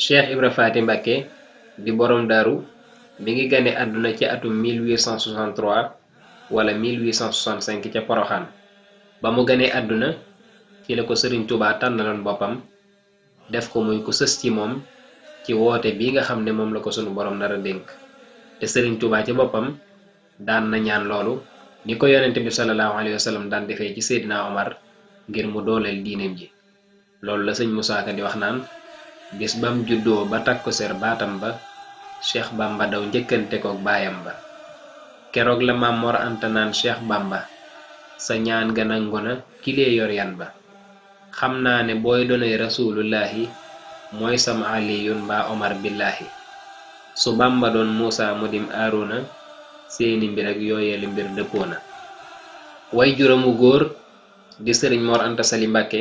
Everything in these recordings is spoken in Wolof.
Cheikh Ibra Faty mbakke di borom daaru mi ngi gane àdduna ci atum 1863 wala 1865 ca Poroxaan ba mu ganee àdduna ci la ko Sëriñ Tuubaa tànnaloon boppam def ko muy ku sës ci moom ci woote bi nga xam ne moom la ko sunu boroom nar dénk te Sëriñ Tuubaa ci boppam daan na ñaan loolu ni ko yonent bi sallallahu alayhi wa sallam daan defee ci Seydina Omar ngir mu dooleel diineem ji loolu la sëñ Musaa Ka di wax naan bis bam juddoo ba takku ser baatam ba cheikh bamba daw njëkkante koog baayam ba keroog la mamor antanaan cheikh bamba sa ñaan ga nangu na kilee yor yan ba xam naa ne booy donay rasulullahi mooy sama aliyun mbaa omar billahi so bamba don Musa Mudim Aruna seeni mbir ak yooyeeli mbir dëppoona way juramu góor di sëriñ mor anta sali mbàkke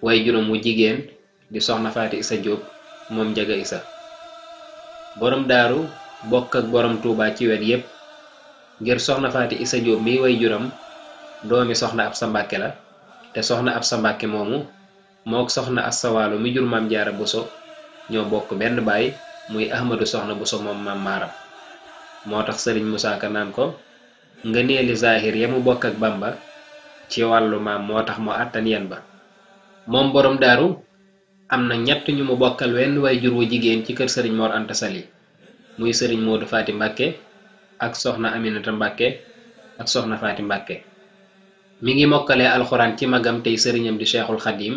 way juramu jigéen di soxna faati isa job moom jaga isa borom daru bok ak borom touba ci wet yeb ngir soxna faati isa job mi way juram doomi soxna ab sambake la te soxna ab sambake momu mok mook soxna assawaalo mi jur mam jaara buso ño bok benn bay muy ahmadu soxna buso moom mam mara motax serigne musa ka nan ko nga neeli zahir ya mu ak bamba ci walu mam moo mo mu àttan yen ba moom borom daru am na ñett ñu mu bokkal wenn waajur wu jigéen ci kër sëriñ Mor Anta Sali muy sëriñ Modou Faati Mbàkke ak soxna Aminata Mbàkke ak soxna Faati Mbàkke mi ngi mokkalee alxuraan ci magam tey sëriñam di Cheikhul Xadim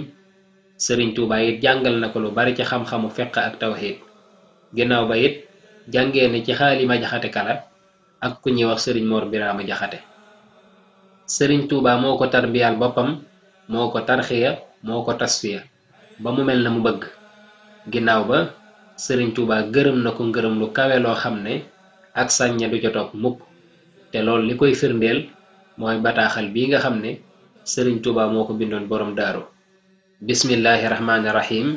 sëriñ Touba it jàngal na ko lu bari ci xam-xamu fiq ak tawxiid ginnaaw ba it jàngee na ci xaalima jaxate kala ak ku ñuy wax sëriñ Mor Biraama jaxate sëriñ tuuba moo ko tarbiyal boppam moo ko tarxiya moo ko tasfiya ba mu mel na mu bëgg ginnaaw ba Sëriñ Tuubaa gërëm na ko gërëm lu kawe loo xam ne ak sàññe du ca mukk te loolu li koy firndeel mooy bataaxal bi nga xam ne Sëriñ Tuubaa moo ko bindoon boroom daaru bismillahi rahmaani rahim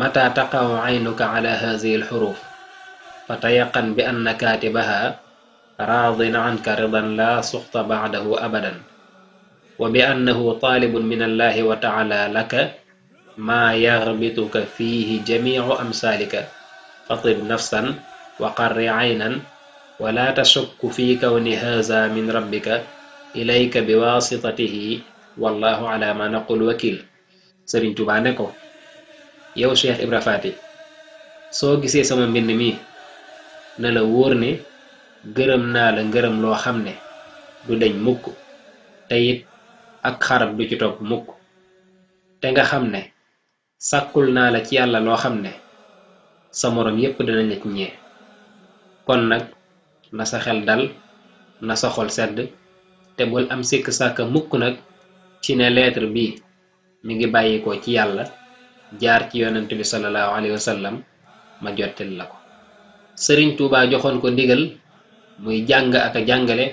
mata taqawu aynuka ala hazihi alxuruf fa anka ridan la suxta baadahu abadan wa bi annahu taalibun min allahi wa taala laka maa yaxbituka fiihi jamiicu amsaalika fatib nafsan wa qarri aynan wala tashukku fi kawni haza min rabbika ilayka bi waasitatihi wallahu ala ma naqul wakil sëriñ tubaa ne ko yow cheikh ibra faati soo gisee sama mbind mi na la wóor ne gërëm la ngërëm loo xam ne du deñ mukk te it ak xarab du ci topp te nga xam ne sakul na la ci yalla lo xamne ne sa moroom yépp dina ñet ñe kon nak na sa xel dal na sa xol sedd te bul am sikk saka mukk nak ci ne lettre bi mi ngi bayiko ci yalla jaar ci bi sallallahu alayhi wasallam ma jotel lako serigne touba joxon ko ndigal muy jang ak jangale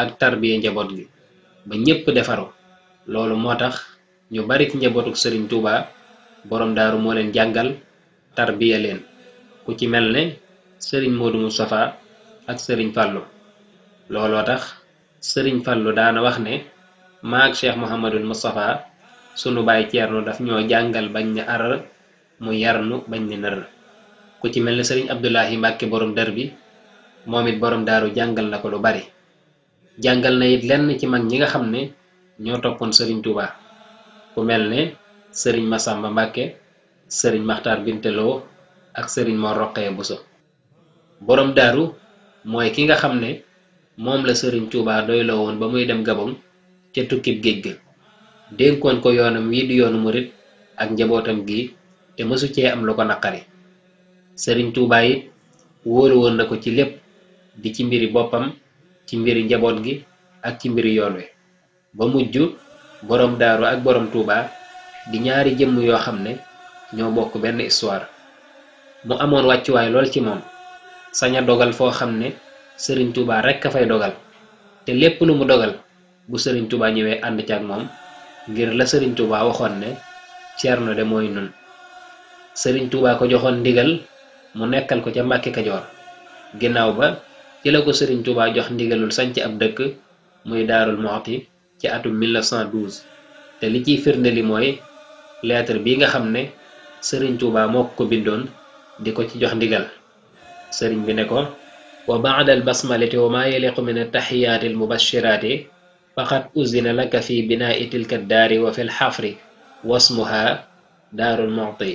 ak tarbiya njabot gi ba ñepp defaro lolu motax ñu bari ci njabotuk serigne touba borom daaru moo leen jàngal tarbiya leen ku ci mel ne sëriñ Modou Moustapha ak sëriñ Fallou looloo tax sëriñ Fallou daana wax ne maag cheikh Mouhamadul Moustapha sunu baay ceerno daf ñoo jàngal bañ ne ar mu yarnu bañ ne nër ku ci mel ne sëriñ Abdoulahi Mbàkke borom dër bi moom it borom daaru jàngal na ko lu bari jàngal na it lenn ci mag ñi nga xam ne ñoo toppoon sëriñ Touba ku mel ne sëriñ Masamba Mbàkke sëriñ Maxtaar Binteloo ak sëriñ Mor Roqee Buso boroom daaru mooy ki nga xam ne moom la sëriñ Tuubaa doyloo woon ba muy dem Gabon ca tukkib géej ga dénkoon ko yoonam wi di yoonu murit ak njabootam gi te mësu cee am lu ko naqari sëriñ Tuubaa it wóolu woon na ko ci lépp di ci mbiri boppam ci mbiri njaboot gi ak ci mbiri yoon wi ba mujj boroom daaru ak boroom Tuubaa di ñaari jëmm yoo xam ne ñoo bokk benn histoire mu amoon wàccuwaay lool ci moom saña dogal foo xam ne sëriñ Touba rekk a fay dogal te lépp lu mu dogal bu sëriñ Touba ñëwee ànd ci ak moom ngir la sëriñ Touba waxoon ne Ceerno de mooy nun sëriñ Touba ko joxoon ndigal mu nekkal ko ca Mbàkke Kajoor ginnaaw ba ci la ko sëriñ Touba jox ndigalul sanc ab dëkk muy Daarul Muxti ci atum 1912 te li ciy firnde li mooy lettre bi nga xam ne sëriñ Tuuba moo ko bindoon di ko ci jox ndigal sëriñ bi ne ko wa baada al basmalati wa maa yaliqu min attaxiyaati almubashiraati faqad uzina laka fi binaai tilka daari wa fi lxafri wasmuha daaru lmuti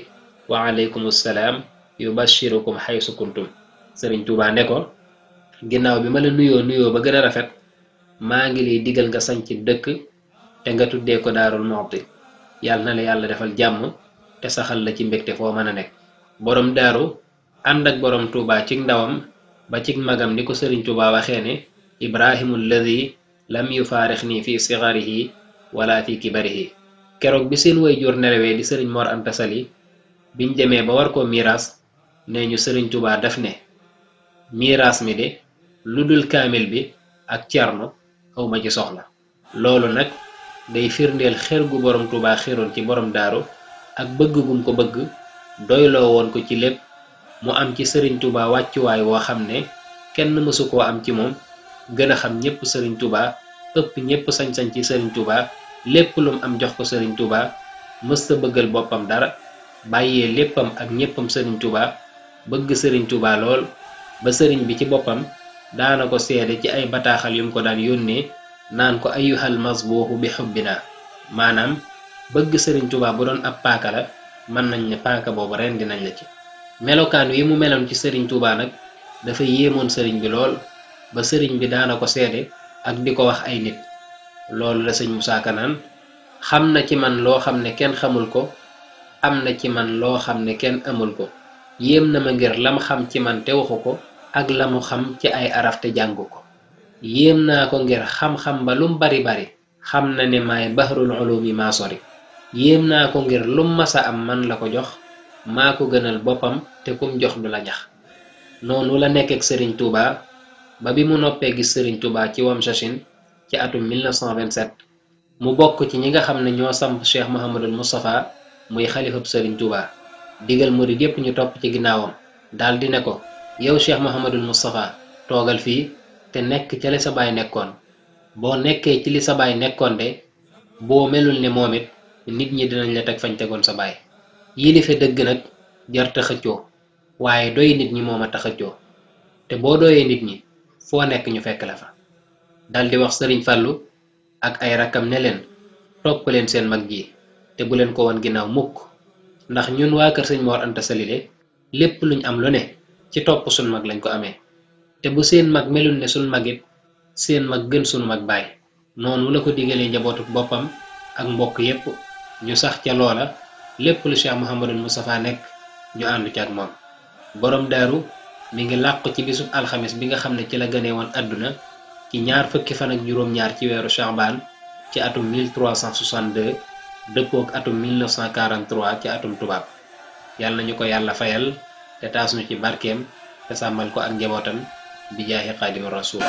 wa alaykum assalaam yubashirukum xaysu kuntum sëriñ Tuuba ne ko ginnaaw bi ma la nuyoo nuyoo ba gën a rafet maa ngi lay digal nga sañc dëkk te nga tuddee ko daarul muti yàlla na la defal jàmm te saxal la ci mbégte foo mën a nekk boroom daaru ànd ak boroom tuuba cig ndawam ba cig magam ni ko sëriñ tuuba waxee ne ibrahimu lladi lam yufaarix nii fi sigarihi wala fi kibarihi keroog bi seen way jur nelawee di sëriñ mor anta sali biñ demee ba war koo miiras ne ñu sëriñ tuuba daf ne miiras mi de lu dul kaamil bi ak cerno xawma ci soxla loolu nag day firndeel xër gu borom Touba xéroon ci borom daaru ak bëgg gum ko bëgg doyloo woon ko ci lépp mu am ci sëriñ Touba wàccuwaay woo xam ne kenn mësu koo am ci moom gën a xam ñépp sëriñ Touba ëpp ñépp sañ-sañ ci sëriñ Touba lépp lum am jox ko sëriñ mës sa bëggal boppam dara bàyyee léppam ak ñéppam sëriñ Touba bëgg sëriñ Touba lool ba sëriñ bi ci boppam daana ko seede ci ay bataaxal yum ko daan yónnee naan ko ay ayyuhal masbuuxu bi xubbinaa maanaam bëgg sëriñ Tuubaa bu doon ab paaka la mën nañ ne paaka boobu rendi nañ la ci melokaan wi mu meloon ci sëriñ Tuubaa nag dafa yéemoon sëriñ bi lool ba sëriñ bi daana ko seede ak di ko wax ay nit loolu la sëñ Musaa naan xam na ci man loo xam ne kenn xamul ko am na ci man loo xam ne kenn amul ko yéem na ma ngir lam xam ci man te waxu ko ak la mu xam ci ay araf te jàngu ko yéem naa ko ngir xam-xam ba lum bari bari xam na ne maay bahrul ulumi maa sori yéem naa ko ngir lum masa am man la ko jox maa ko gënal boppam te kum jox du la jax noonu la nekkeek ak Serigne ba bi mu noppee gis Serigne Touba ci wam Wamsachin ci atum 1927 mu bokk ci ñi nga xam ne ñoo samp Cheikh Mouhamadul Moustapha muy xalifab sëriñ Touba digal murid yépp ñu topp ci ginnaawam daal di ne ko yow Cheikh Mouhamadul Moustapha toogal fii. te nekk ca li sa baay nekkoon boo nekkee ci li sa baay nekkoon de boo melul ne moom it nit ñi dinañ la teg fañ tegoon sa baay yii di yilife dëgg nag jar ta xëccoo waaye doy nit ñi moom a ta xëccoo te boo doyee nit ñi foo nekk ñu fekk la fa daldi wax sëriñ Fàllu ak ay rakkam ne leen topp leen seen mag ji te bu leen ko woon ginnaaw mukk ndax ñun waa kër sëñ Mor Anta Sali lépp luñ am lu ne ci topp suñ mag lañ ko amee te bu seen mag melul ne sun magit seen mag gën sun mag bay noonu la ko digalee njabootu boppam ak mbokk yépp ñu sax ca loola lépp lu cheikh muhammadul mustafa nekk ñu àndu ci ak moom borom daaru mi ngi làqu ci bisub alxamis bi nga xam ne ci la gane woon àdduna ci ñaar fukki fan ak juróom-ñaar ci weeru chaban ci atum 1362 dëppook atum 1943 ci atum tubaab yàlla nañu ko yàlla fayal te taas ci barkeem te sàmmal ko ak njabootam بجاه قادم الرسول